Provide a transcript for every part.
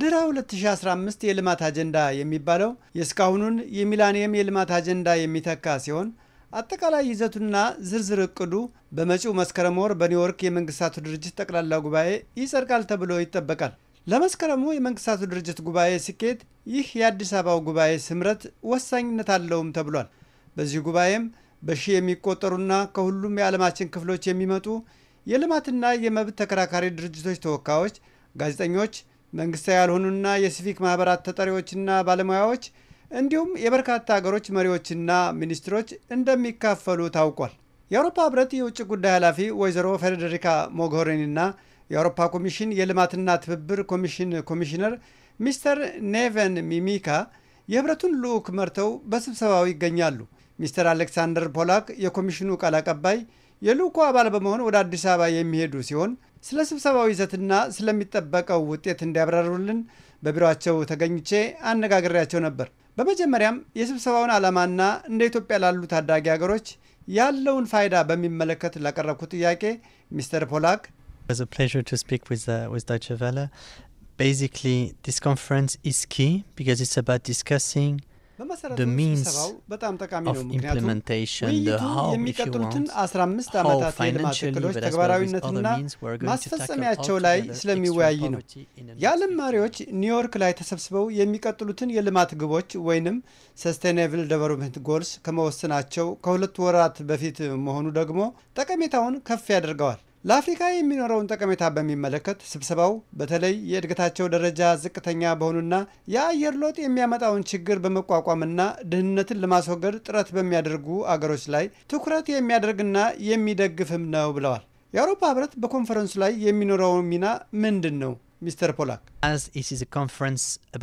ድራ 2015 የልማት አጀንዳ የሚባለው የእስካሁኑን የሚላኒየም የልማት አጀንዳ የሚተካ ሲሆን አጠቃላይ ይዘቱና ዝርዝር እቅዱ በመጪው መስከረም ወር በኒውዮርክ የመንግስታቱ ድርጅት ጠቅላላ ጉባኤ ይጸድቃል ተብሎ ይጠበቃል። ለመስከረሙ የመንግስታቱ ድርጅት ጉባኤ ስኬት ይህ የአዲስ አበባው ጉባኤ ስምረት ወሳኝነት አለውም ተብሏል። በዚህ ጉባኤም በሺ የሚቆጠሩና ከሁሉም የዓለማችን ክፍሎች የሚመጡ የልማትና የመብት ተከራካሪ ድርጅቶች ተወካዮች፣ ጋዜጠኞች መንግስታዊ ያልሆኑና የሲቪክ ማህበራት ተጠሪዎችና ባለሙያዎች እንዲሁም የበርካታ ሀገሮች መሪዎችና ሚኒስትሮች እንደሚካፈሉ ታውቋል። የአውሮፓ ህብረት የውጭ ጉዳይ ኃላፊ ወይዘሮ ፌዴሪካ ሞጎሪኒና የአውሮፓ ኮሚሽን የልማትና ትብብር ኮሚሽን ኮሚሽነር ሚስተር ኔቨን ሚሚካ የህብረቱን ልዑክ መርተው በስብሰባው ይገኛሉ። ሚስተር አሌክሳንደር ፖላክ የኮሚሽኑ ቃል አቀባይ የልዑኩ አባል በመሆን ወደ አዲስ አበባ የሚሄዱ ሲሆን ስለ ስብሰባው ይዘትና ስለሚጠበቀው ውጤት እንዲያብራሩልን በቢሮቸው ተገኝቼ አነጋግሬያቸው ነበር። በመጀመሪያም የስብሰባውን ዓላማና እንደ ኢትዮጵያ ላሉ ታዳጊ ሀገሮች ያለውን ፋይዳ በሚመለከት ላቀረብኩ ጥያቄ ሚስተር ፖላክ ቤዚክሊ ዲስ ኮንፈረንስ ኪ ቢካዝ ኢትስ አባት the means of implementation, the how, if you want, how financially, but as well as other means, we're going to ማስፈጸሚያቸው ላይ ስለሚወያይ ነው። የዓለም መሪዎች ኒውዮርክ ላይ ተሰብስበው የሚቀጥሉትን የልማት ግቦች ወይንም ሰስቴናብል ደቨሎፕመንት ጎልስ ከመወሰናቸው ከሁለት ወራት በፊት መሆኑ ደግሞ ጠቀሜታውን ከፍ ያደርገዋል። ለአፍሪካ የሚኖረውን ጠቀሜታ በሚመለከት ስብሰባው በተለይ የእድገታቸው ደረጃ ዝቅተኛ በሆኑና የአየር ለውጥ የሚያመጣውን ችግር በመቋቋምና ድህነትን ለማስወገድ ጥረት በሚያደርጉ አገሮች ላይ ትኩረት የሚያደርግና የሚደግፍም ነው ብለዋል። የአውሮፓ ህብረት በኮንፈረንሱ ላይ የሚኖረው ሚና ምንድን ነው? ሚስተር ፖላክ ስብሰባው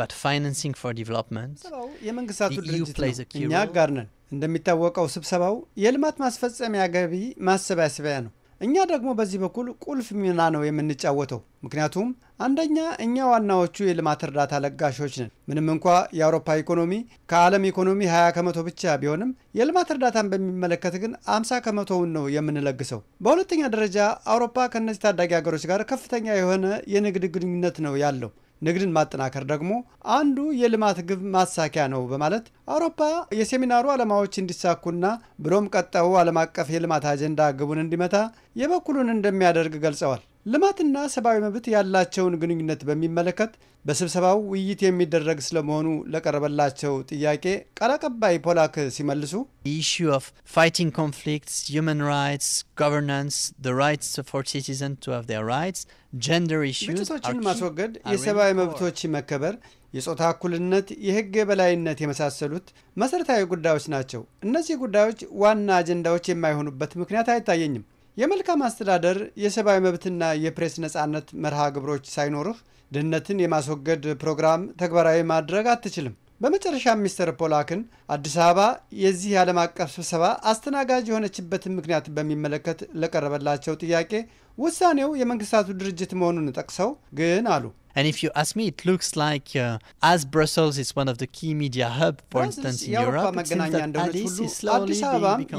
የመንግስታቱ ድርጅት e ነው፣ እኛ አጋር ነን። እንደሚታወቀው ስብሰባው የልማት ማስፈጸሚያ ገቢ ማሰባሰቢያ ነው። እኛ ደግሞ በዚህ በኩል ቁልፍ ሚና ነው የምንጫወተው። ምክንያቱም አንደኛ እኛ ዋናዎቹ የልማት እርዳታ ለጋሾች ነን። ምንም እንኳ የአውሮፓ ኢኮኖሚ ከዓለም ኢኮኖሚ 20 ከመቶ ብቻ ቢሆንም የልማት እርዳታን በሚመለከት ግን 50 ከመቶውን ነው የምንለግሰው። በሁለተኛ ደረጃ አውሮፓ ከእነዚህ ታዳጊ ሀገሮች ጋር ከፍተኛ የሆነ የንግድ ግንኙነት ነው ያለው። ንግድን ማጠናከር ደግሞ አንዱ የልማት ግብ ማሳኪያ ነው በማለት አውሮፓ የሴሚናሩ ዓላማዎች እንዲሳኩና ብሎም ቀጣዩ ዓለም አቀፍ የልማት አጀንዳ ግቡን እንዲመታ የበኩሉን እንደሚያደርግ ገልጸዋል። ልማትና ሰብአዊ መብት ያላቸውን ግንኙነት በሚመለከት በስብሰባው ውይይት የሚደረግ ስለመሆኑ ለቀረበላቸው ጥያቄ ቃል አቀባይ ፖላክ ሲመልሱ ግጭቶችን ማስወገድ፣ የሰብአዊ መብቶች መከበር፣ የጾታ እኩልነት፣ የህግ የበላይነት የመሳሰሉት መሠረታዊ ጉዳዮች ናቸው። እነዚህ ጉዳዮች ዋና አጀንዳዎች የማይሆኑበት ምክንያት አይታየኝም። የመልካም አስተዳደር የሰብአዊ መብትና የፕሬስ ነጻነት መርሃ ግብሮች ሳይኖርህ ድህነትን የማስወገድ ፕሮግራም ተግባራዊ ማድረግ አትችልም። በመጨረሻ ሚስተር ፖላክን አዲስ አበባ የዚህ የዓለም አቀፍ ስብሰባ አስተናጋጅ የሆነችበትን ምክንያት በሚመለከት ለቀረበላቸው ጥያቄ ውሳኔው የመንግስታቱ ድርጅት መሆኑን ጠቅሰው ግን አሉ And if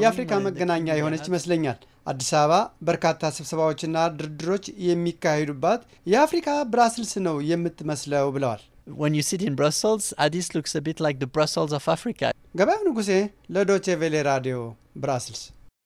የአፍሪካ መገናኛ የሆነች ይመስለኛል። አዲስ አበባ በርካታ ስብሰባዎችና ድርድሮች የሚካሄዱባት የአፍሪካ ብራስልስ ነው የምትመስለው ብለዋል። when you sit in Brussels, Addis looks a bit like the Brussels of Africa. ገበያው ንጉሴ ለዶቼ ቬሌ ራዲዮ Brussels.